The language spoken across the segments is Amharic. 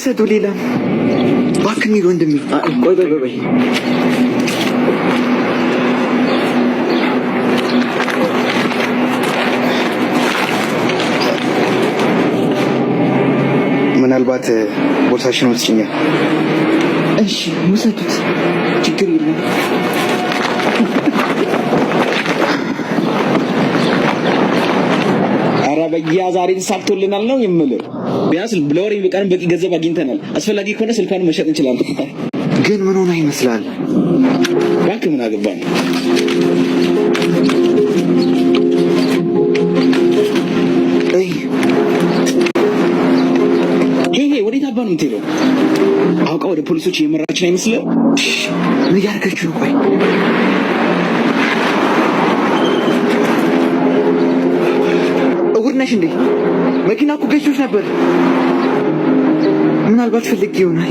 ውሰዱ። ሌላ እባክህ እንሂድ ወንድሜ። ቆይ ቆይ ቆይ ምናልባት ቦርሳሽን ውስጭኛል። እሺ ውሰዱት፣ ችግር የለም። በያ ዛሬ ተሳክቶልናል ነው የምልህ። ቢያንስ ለወሬ የሚበቃን በቂ ገንዘብ አግኝተናል። አስፈላጊ ከሆነ ስልኳን መሸጥ እንችላለን። ግን ምን ሆነ ይመስላል? ባንክ ምን አገባኝ? ወዴት አባ ነው የምትሄደው? አውቃ ወደ ፖሊሶች የመራችን አይመስልም? ንጋርከችው ቆይ ነሽ እንዴ? መኪና እኮ ገጭቶሽ ነበር። ምናልባት ፈልጌ ይሆናል።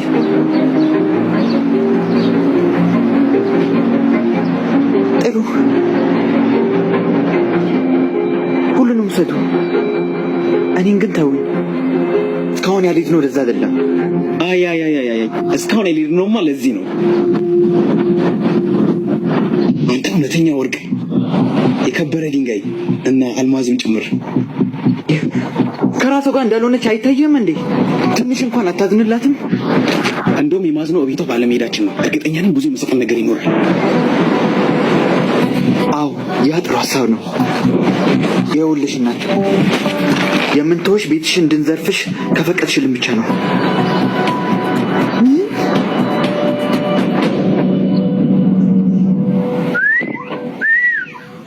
ጥሩ፣ ሁሉንም ውሰዱ። እኔን ግን ተውኝ። እስካሁን ያልሄድ ነው ወደዛ አይደለም። አይ አይ አይ አይ እስካሁን ያልሄድ ነውማ ለዚህ ነው። አንተ እውነተኛ ወርቅ የከበረ ድንጋይ እና አልማዝም ጭምር ከራሷ ጋር እንዳልሆነች አይታየም እንዴ? ትንሽ እንኳን አታዝንላትም? እንደውም የማዝነው ቤቷ ባለመሄዳችን ነው። እርግጠኛ ነኝ ብዙ የመሰቀል ነገር ይኖራል። አዎ ያ ጥሩ ሀሳብ ነው። የውልሽ እናት የምንተወሽ ቤትሽ እንድንዘርፍሽ ከፈቀድሽልን ብቻ ነው።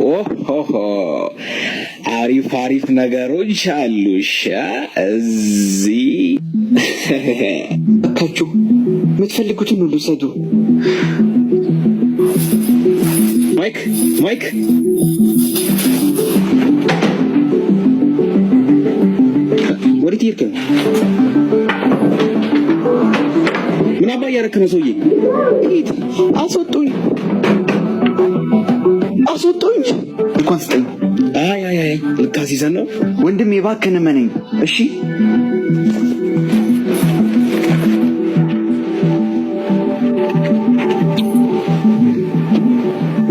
ኦሆሆ አሪፍ አሪፍ ነገሮች አሉሽ እዚህ። እባካችሁ የምትፈልጉትን ሁሉ ሰዱ። ማይክ ማይክ ወዴት ይርከ ምን አባ እያረከ ነው ሰውዬ? አስወጡኝ አስወጣኝ። እንኳን ስጠኝ። አይ አይ አይ ልታስይዘን ነው ወንድም፣ የባክን መነኝ። እሺ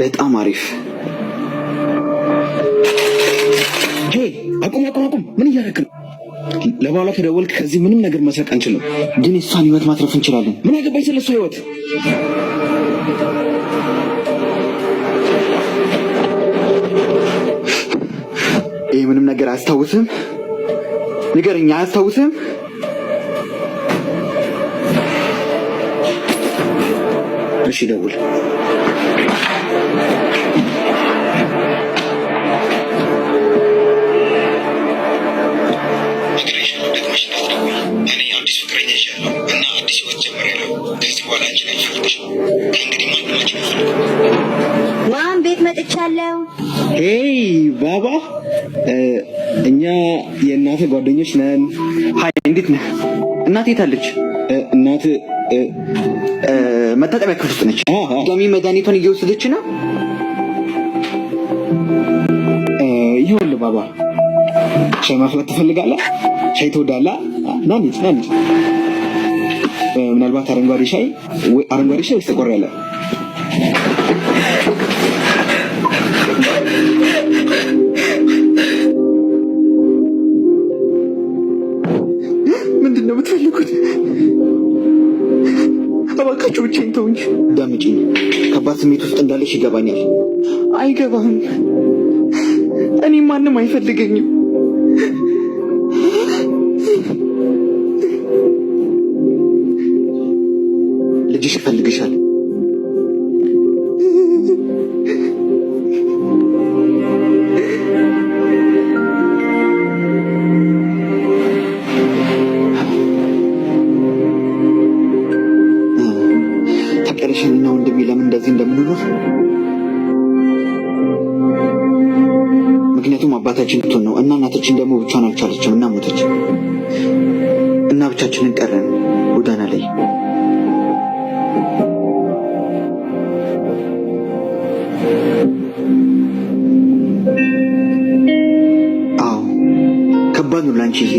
በጣም አሪፍ። አቁም አቁም አቁም! ምን እያደረክ ነው? ለባሏ ከደወልክ ከዚህ ምንም ነገር መስረቅ አንችልም፣ ግን የሷን ህይወት ማትረፍ እንችላለን። ምን አገባኝ ስለሷ ህይወት ምንም ነገር አያስታውስም? ንገረኝ፣ አያስታውስም? እሺ ደውል። መጥቻለሁ። ሄይ ባባ፣ እኛ የእናት ጓደኞች ነን። ሀይ፣ እንዴት ነህ? እናት የታለች? እናት መታጠቢያ ክፍል ውስጥ ነች። ዳሚ መድኃኒቷን እየወሰደች ነው። ይሁን ባባ፣ ሻይ ማፍላት ትፈልጋለህ? ሻይ ትወዳለህ? ናንጭ ናንጭ ምናልባት አረንጓዴ ሻይ አረንጓዴ ሻይ ውስጥ ቆር ያለ የምትፈልጉት? እባካችሁ ብቻዬን ተውኝ። ዳምጪኝ። ከባድ ስሜት ውስጥ እንዳለሽ ይገባኛል። አይገባህም። እኔ ማንም አይፈልገኝም። ልጅሽ ይፈልግሻል። አባታችን ብትሆን ነው እና እናታችን ደግሞ ብቻዋን አልቻለችም እና ሞተች እና ብቻችንን ቀረን ጎዳና ላይ። አዎ ከባድ ነው ላንቺ ይሄ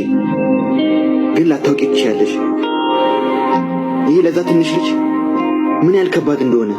ግን ላታውቂ ትችያለሽ። ይሄ ለዛ ትንሽ ልጅ ምን ያህል ከባድ እንደሆነ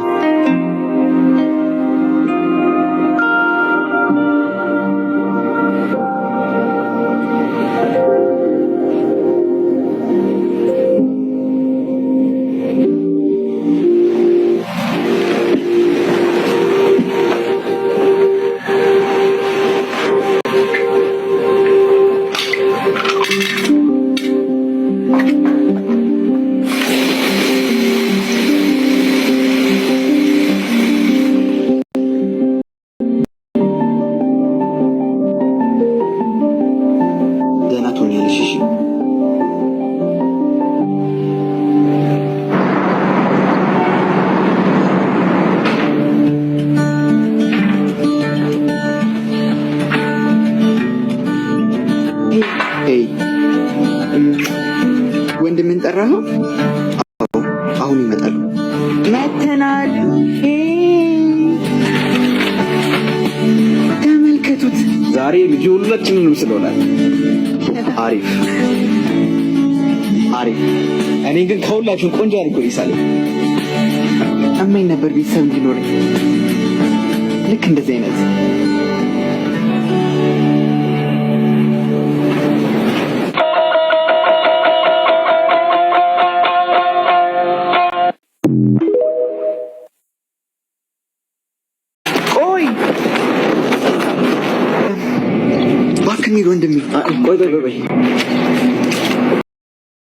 እየሰራ ነው። አዎ አሁን ይመጣሉ። መተናል። ተመልከቱት። ዛሬ ልጅ ሁላችንንም ስለሆናል። አሪፍ አሪፍ። እኔ ግን ከሁላችሁም ቆንጆ አድርጎ ይሳለ እማኝ ነበር ቤተሰብ እንዲኖረኝ ልክ እንደዚህ አይነት